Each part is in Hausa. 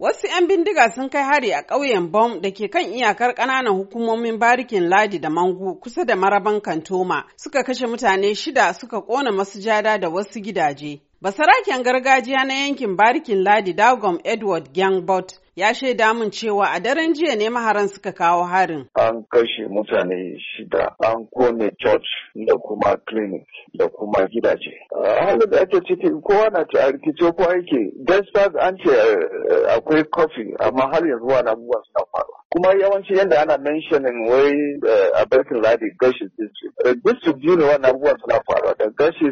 Wasu 'yan bindiga sun kai hari a ƙauyen Bom da ke kan iyakar ƙananan hukumomin barikin Ladi da Mangu kusa da maraban Kantoma suka kashe mutane shida suka ƙona masujada da wasu gidaje. Basaraken gargajiya na yankin barikin Ladi Dagom Edward Gyangbot ya shaida mun cewa a daren jiya ne maharan suka kawo harin. An kashe mutane shida, an kone church da kuma clinic da kuma gidaje. Halin da ake ciki kowa na ci a rikice ko yake, despite an ce eh, akwai kofi amma har yanzu na buwa suna faruwa. Kuma yawanci yadda ana mentionin wai eh, a Berkin Ladi Gashi district. Eh, district biyu ne wani abubuwa suna faruwa da Gashi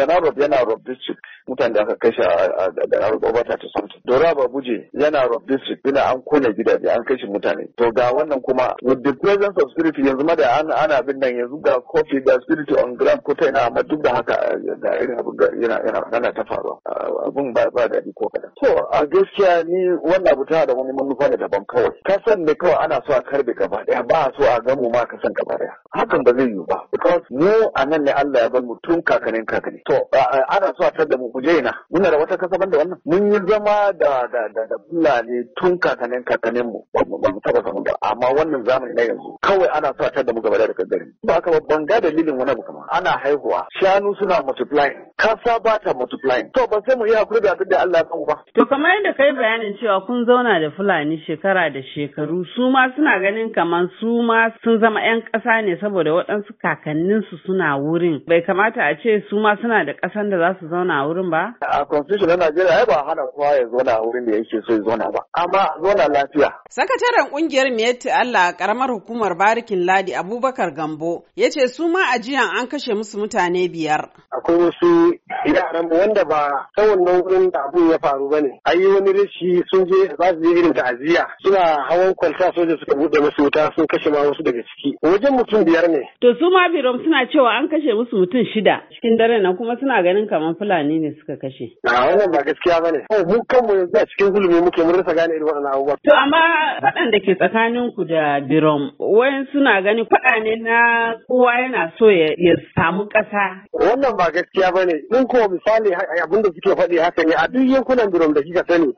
Yana rob yana rob district mutane da aka kashe a Robert Atkinson. Dora buje yana Rob District yana an kone gidaje an kashe mutane. To ga wannan kuma with the presence of spirit yanzu ma da ana bin nan yanzu ga kofi ga spirit on ground ko ta yana amma duk da haka eh, da irin abu yana yana ta faruwa. Abun ba ba daɗi ko kaɗan. To a gaskiya ni wannan abu tana da wani manufa ne daban kawai. Kasan ne kawai ana so a karbe gaba ɗaya ba a so a gamu ma kasan gaba ɗaya. Hakan ba zai yiwu ba. Because mu a nan ne Allah ya bar mu tun kakanin kakanin. To ana so a tada mu kuje. daina muna da wata kasa banda wannan mun yi zama da da da da fulani tun kakanin kakanin mu ba mu taba samu ba amma wannan zamani na yanzu kawai ana sa ta da mu gaba da kaddare ba ka ban ga dalilin wani abu kamar ana haihuwa shanu suna multiplying kasa ba ta multiplying to ba sai mu yi hakuri da da Allah ya kawo ba to kamar yadda kai bayanin cewa kun zauna da fulani shekara da shekaru su ma suna ganin kamar su ma sun zama 'yan ƙasa ne saboda waɗansu kakanninsu suna wurin bai kamata a ce su ma suna da ƙasan da za su zauna a wurin ba A constitution na Najeriya ya ba hana kowa ya zauna wurin da yake so ya zauna ba, amma zauna lafiya. Sakataren ƙungiyar Miyetti Allah karamar hukumar Barikin Ladi Abubakar Gambo ya ce su ma ajiyan an kashe musu mutane biyar. Akwai wasu yaran wanda ba ta wannan wurin da abun ya faru ba ne ayi wani rashi sun je ba su je irin ta'aziyya suna hawan kwalta soja suka buɗe musu wuta sun kashe ma wasu daga ciki wajen mutum biyar ne. to su ma birom suna cewa an kashe musu mutum shida cikin dare na kuma suna ganin kamar fulani ne suka kashe. a wannan ba gaskiya ba ne. mu kanmu yanzu a cikin zulumi muke mun rasa gane irin waɗannan abubuwa. to amma faɗan da ke tsakanin ku da biram wayan suna gani faɗa ne na kowa yana so ya samu ƙasa. wannan ba gaskiya ba ne. ko misali abin da suke faɗi haka ne a duk yankunan birom da kika sani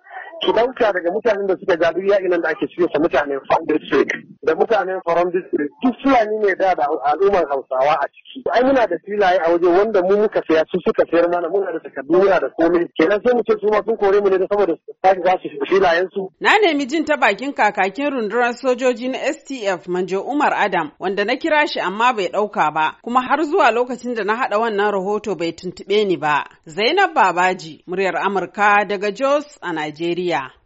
ki ɗauka daga mutanen da suke ga duk da ake cikin sa mutane da mutanen Faram District duk Fulani ne da da al'ummar Hausawa a ciki. Ai muna da filaye a waje wanda mu muka saya su suka sayar mana muna da takardu muna da komai. Kenan sai mu ce su ma sun kore mu ne da saboda sai za su filayen su. Na nemi jin ta bakin kakakin rundunar sojoji na STF Manjo Umar Adam wanda na kira shi amma bai ɗauka ba kuma har zuwa lokacin da na haɗa wannan rahoto bai tuntuɓe ni ba. Zainab Babaji, muryar Amurka daga Jos a Najeriya.